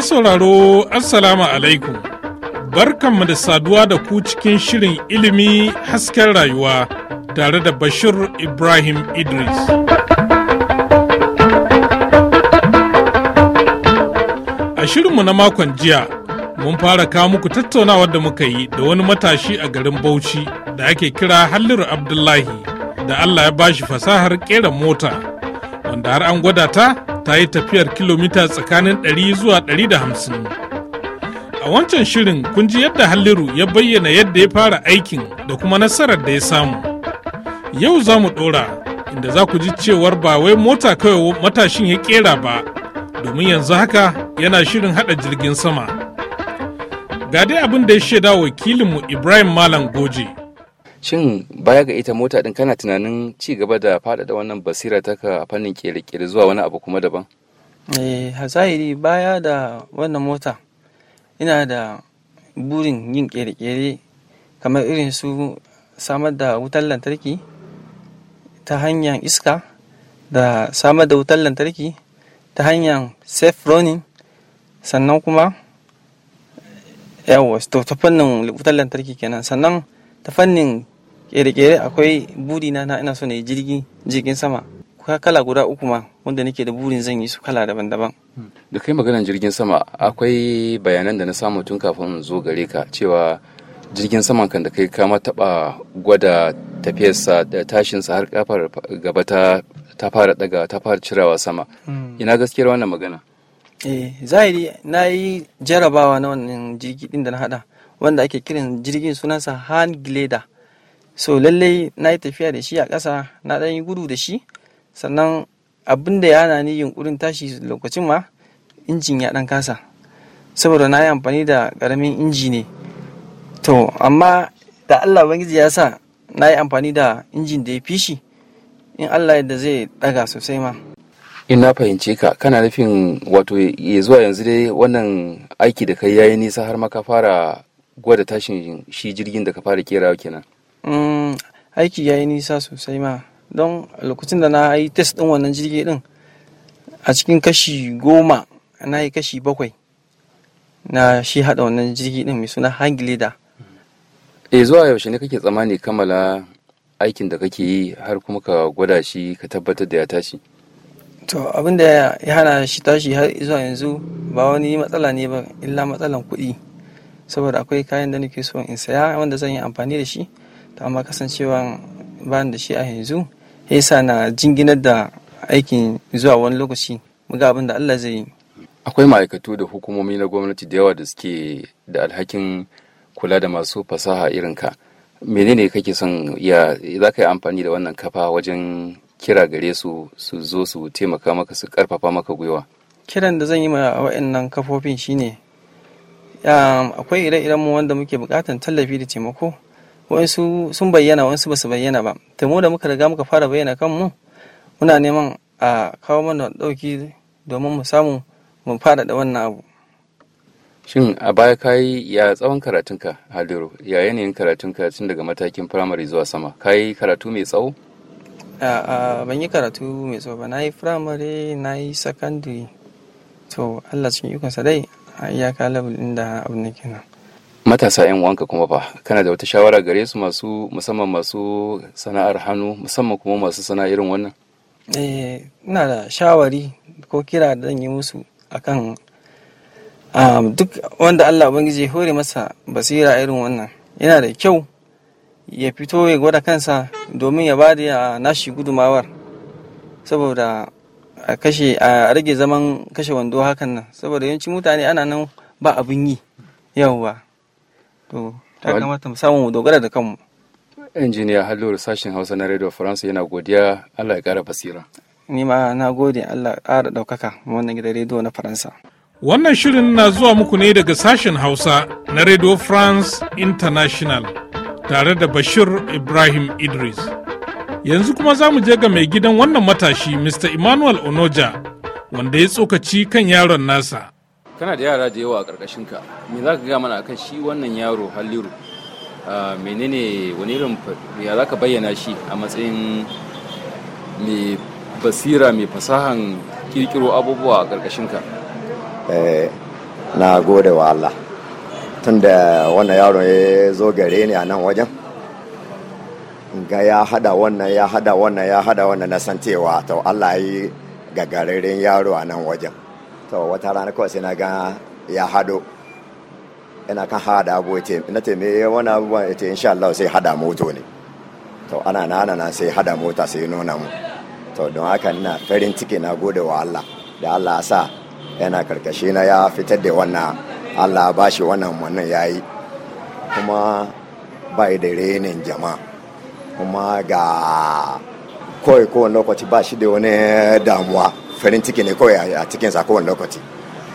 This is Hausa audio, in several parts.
Masu sauraro Assalamu alaikum. Barkanmu da saduwa da ku cikin shirin ilimi hasken rayuwa tare da Bashir Ibrahim Idris. A shirinmu na makon jiya mun fara kawo muku tattaunawar da muka yi da wani matashi a garin Bauchi da ake kira Halliru Abdullahi da Allah ya bashi fasahar kera mota wanda har an gwada ta ta yi tafiyar kilomita tsakanin 100 zuwa 150 a wancan shirin kun ji yadda halliru ya bayyana yadda ya fara aikin da kuma nasarar da ya samu yau za mu ɗora inda za ku ji cewar ba wai mota kawai matashin ya ƙera ba domin yanzu haka yana shirin haɗa jirgin sama ga dai abin da ya shaida wakilinmu ibrahim malam goje shin baya ga ita mota din kana tunanin ci gaba da faɗaɗa wannan basira ta ka fannin kere-kere zuwa wani abu kuma daban eh zahiri baya da wannan mota ina da burin yin kere-kere kamar irin su samar da wutar lantarki ta hanyar iska da samar da wutar lantarki ta hanyar safe running sannan kuma yawon ta fannin wutar lantarki kenan sannan ta fannin kere-kere akwai burina na ina so na yi jirgin sama kuka kala guda uku ma wanda nake da burin zan yi su kala daban-daban hmm. da kai maganar jirgin sama akwai bayanan da na samu tun kafin zo gare ka cewa jirgin saman kan da kai kama taba gwada tafiyarsa da tashinsa har kafar gaba ta fara daga ta fara cirawa sama hmm. ina gaskiyar wannan magana eh zahiri na yi jarabawa na wannan jirgi din da na hada wanda ake kiran jirgin sunansa hand glider so lallai na yi tafiya da shi a ƙasa na ɗan yi gudu da shi sannan abin da ya ni yunkurin tashi lokacin ma injin ya ɗan kasa saboda na yi amfani da ƙaramin inji ne to amma da allah bangiji ya sa na yi amfani da injin da ya fi shi in allah yadda zai ɗaga sosai ma in na fahimce ka kana nufin wato ya zuwa yanzu dai wannan aiki da kai yayi nisa har ma ka fara gwada tashin shi jirgin da ka fara kerawa kenan Mm, aiki ya yi nisa sosai ma don lokacin da na yi test ɗin wannan jirgi ɗin a cikin kashi goma na yi kashi bakwai na shi haɗa wannan jirgi ɗin mai suna hangileda. E eh, zuwa yaushe ne kake tsammani kammala aikin da kake yi har kuma ka gwada shi ka tabbatar da ya tashi? To abin da ya hana shi tashi har zuwa yanzu ba wani matsala ne ba illa matsalan kuɗi saboda akwai kayan da nake so in saya wanda zan yi amfani da shi. amma kasancewa ba da shi a yanzu sa na jinginar da aikin zuwa wani lokaci muga abin da Allah zai yi akwai ma'aikatu da hukumomi na gwamnati da yawa da suke da alhakin kula da masu fasaha irin ka menene kake son ya za ka yi amfani da wannan kafa wajen kira gare su su zo su taimaka maka su karfafa maka gwiwa kiran da zan yi ma wa'annan kafofin shine um, akwai ire-iren mu wanda muke bukatan tallafi da taimako wasu sun bayyana wasu ba su bayyana ba to da muka riga muka fara bayyana kanmu muna neman a kawo mana ɗauki domin mu samu mu da wannan abu shin a baya ka yi ya tsawon karatunka hadiru ya yanayin karatunka tun daga matakin firamare zuwa sama ka yi karatu mai tsawo ban yi karatu mai tsawo ba na yi firamare na yi sakandare to allah cikin ikonsa dai a iyaka da abu abin kenan matasa 'yan uwanka kuma ba kana da wata shawara gare su masu musamman masu sana'ar hannu musamman kuma masu sana irin wannan eh, ina da shawari ko kira da zan yi musu akan um, duk wanda Allah ubangiji ya hore masa basira irin wannan yana da kyau ya fito ya gwada kansa domin ya bada nashi gudumawar saboda a kashe a rage zaman kashe wando hakan nan saboda yawanci mutane ana nan ba abin yi yawa ta kamata mu samu mu dogara da kanmu injiniya hallo sashen hausa na radio france yana godiya allah ya kara basira ni ma na gode allah ƙara ɗaukaka wannan gidan rediyo na faransa wannan shirin na zuwa muku ne daga sashen hausa na radio france international tare da bashir ibrahim idris yanzu kuma za mu je ga mai gidan wannan matashi mr emmanuel onoja wanda ya tsokaci kan yaron nasa kana da yara da yawa a ƙarƙashin ka me za ka gaya mana akan shi wannan yaro halliru ah, menene wani irin ya za ka bayyana shi a matsayin mai basira mai fasahan kirkiro abubuwa a ƙarƙashin ka eh, na gode wa Allah tun da wannan yaro ya zo gare ni a nan wajen ga ya hada wannan ya hada wannan ya hada wannan na san cewa to Allah yi gagararren yaro a nan wajen to wata rana kawai sai na ga ya hado ina kan hada abu ya na ce me wani abubuwan ya ce insha Allah sai hada moto ne to ana na ana na sai hada mota sai nuna mu to don haka ina farin ciki na gode wa Allah da Allah sa yana karkashi na ya fitar da wannan Allah ba shi wannan wannan yayi kuma bai da renin jama'a kuma ga kawai kowane lokaci ba shi da wani damuwa farin ciki ne kawai a cikin sa kowane lokaci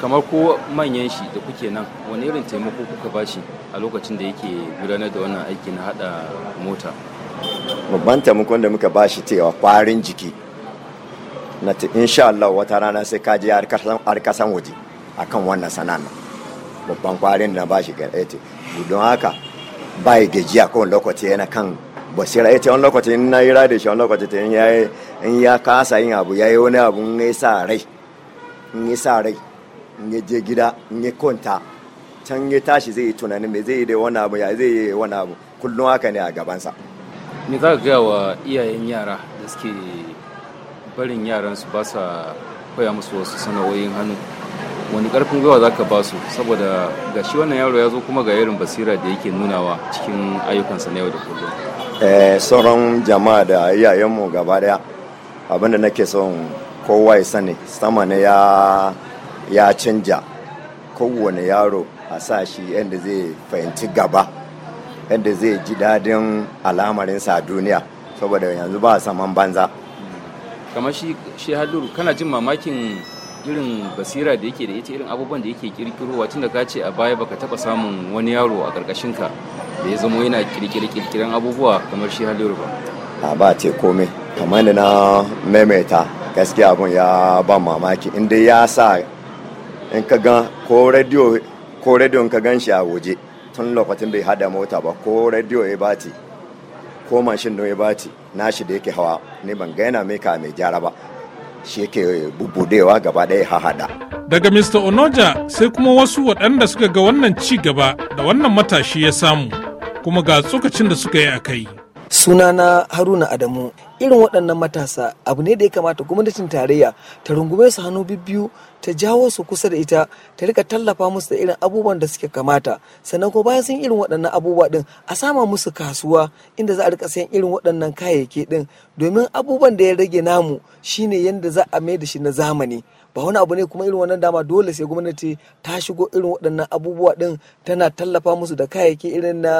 kamar ko manyan shi da kuke nan wani irin taimako kuka bashi a lokacin da yake gudanar da wannan aiki na hada mota babban taimakon da muka bashi cewa kwarin jiki na ta insha Allah wata rana sai ka je har kasan waje akan wannan sana'a babban kwarin da bashi ga eh, don haka bai gajiya kowane lokaci yana kan basira ya ce wani lokaci in na yi rada shi wani lokaci in ya kasa yin abu ya yi wani abu in ya sa rai in ya sa rai in ya je gida in ya kwanta can ya tashi zai yi tunanin me zai yi da wani abu ya zai yi wani abu kullum haka ne a gabansa ni za ka gaya wa iyayen yara da suke barin yaran su ba sa koya musu wasu sana'o'in hannu wani karfin gawa za ka ba su saboda ga shi wannan yaro ya zo kuma ga irin basira da yake nunawa cikin ayyukansa na yau da kullum Eh, sauran jama'a da iyayenmu gaba daya abinda nake son kowa ya sani sama ne ya canja kowane yaro a sa shi yadda zai fahimci gaba yadda zai ji dadin al'amarinsa a duniya saboda yanzu ba saman banza kamar shi haduru kana jin mamakin irin basira da yake da ita irin abubuwan da yake kirkirowa tunda ka ce a baya baka taba samun wani yaro a karkashin ka da ya zama yana kirkire kirkiren abubuwa kamar shi Haliru ba a ba ce komai kamar da na maimaita gaskiya abun ya ba mamaki in dai ya sa in ka gan ko radio ko radio in ka gan shi a waje tun lokacin bai hada mota ba ko radio ya bati ko mashin don ya bati nashi da yake hawa ne ban gaina mai ka mai gyara ba shi yake bubudewa gaba ɗaya hahaɗa. Daga Mr. Onoja sai kuma wasu waɗanda suka ga wannan ci gaba da wannan matashi ya samu kuma ga tsokacin da suka yi a kai. Sunana Haruna Adamu irin waɗannan matasa abu ne da ya kamata gwamnatin tarayya ta rungume su hannu biyu-biyu ta jawo su kusa da ita ta rika tallafa musu da irin abubuwan da suke kamata sannan ko bayan sun irin waɗannan abubuwa din a sama musu kasuwa inda za a rika sayan irin waɗannan kayayyaki din domin abubuwan da ya rage namu shine yadda za a mai da shi na zamani ba wani abu ne kuma irin wannan dama dole sai gwamnati ta shigo irin waɗannan abubuwa din tana tallafa musu da kayayyaki irin na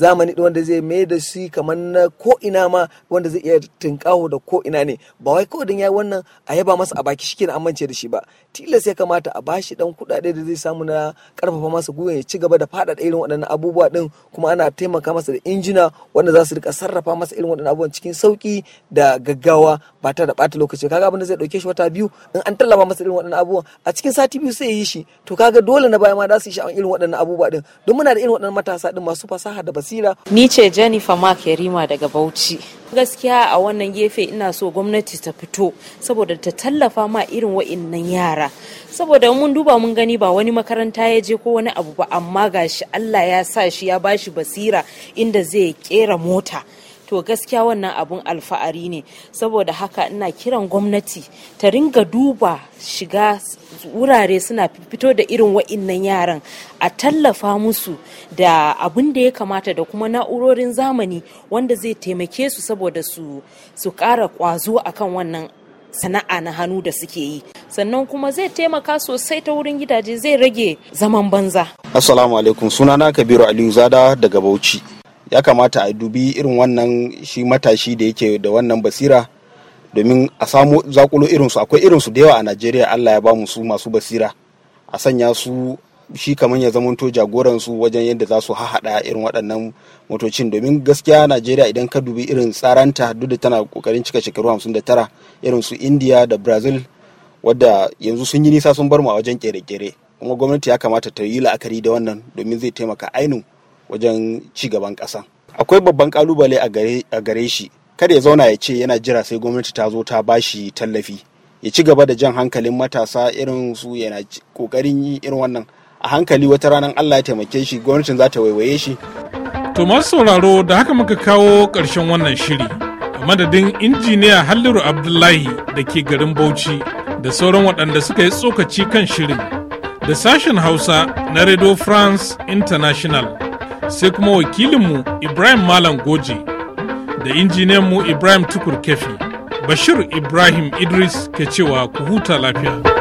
zamani wanda zai mai da su kamar na ko ina ma wanda zai iya tinkawo da ko ina ne ba wai kawai ya yi wannan a yaba masa a baki na amince da shi ba tilas ya kamata a bashi dan kudade da zai samu na karfafa masa gwiwa ya ci gaba da fada da irin waɗannan abubuwa din kuma ana taimaka masa da injina wanda za su rika sarrafa masa irin waɗannan abubuwan cikin sauki da gaggawa ba tare da ɓata lokaci kaga abin da zai ɗauke shi wata biyu in an tallafa masa irin waɗannan abubuwan a cikin sati biyu sai ya yi shi to kaga dole na baya ma za su yi a irin waɗannan abubuwa din don muna da irin waɗannan matasa din masu fasaha da basira ni ce Jennifer Mark Yarima daga Bauchi gaskiya a wannan gefe ina so gwamnati ta fito saboda ta tallafa ma irin wa'innan yara saboda mun duba mun gani ba wani makaranta ya je ko wani abu ba amma gashi Allah ya sa shi ya bashi basira inda zai kera mota to gaskiya wannan abun alfa'ari ne saboda haka ina kiran gwamnati ta ringa duba shiga wurare suna fito da irin wa'innan yaran a tallafa musu da abin da ya kamata da kuma na'urorin zamani wanda zai taimake su saboda su kara ƙara ƙwazo akan wannan sana'a na hannu da suke yi sannan kuma zai taimaka sosai ta wurin gidaje zai rage zaman banza assalamu alaikum sunana kabiru aliyu zada daga bauchi ya kamata a dubi irin wannan shi matashi da yake da wannan basira domin a samu zakulo irinsu akwai irinsu da yawa a najeriya allah ya bamu su masu basira a sanya su shi kamar ya zamanto jagoransu wajen yadda za su hahada irin waɗannan motocin domin gaskiya najeriya idan ka dubi irin tsaranta duk da tana kokarin cika shekaru 59 irin su indiya da brazil wadda yanzu sun yi nisa sun bar mu a wajen kere-kere kuma gwamnati ya kamata ta yi la'akari da wannan domin zai taimaka ainihin wajen ci gaban ƙasa akwai babban ƙalubale a gare shi kada ya zauna ya ce yana jira sai gwamnati ta zo ta ba shi tallafi ya ci gaba da jan hankalin matasa irin su yana ƙoƙarin yi irin wannan a hankali wata ranar allah ya taimake shi gwamnatin za ta waiwaye shi to masu sauraro da haka muka kawo ƙarshen wannan shiri a madadin injiniya halliru abdullahi da ke garin bauchi da sauran waɗanda suka yi tsokaci kan shirin da sashen hausa na radio france international sai kuma wakilinmu Ibrahim Malam goji da injiniyanmu Ibrahim Tukur Kefi. Bashir Ibrahim Idris ke cewa ku huta lafiya.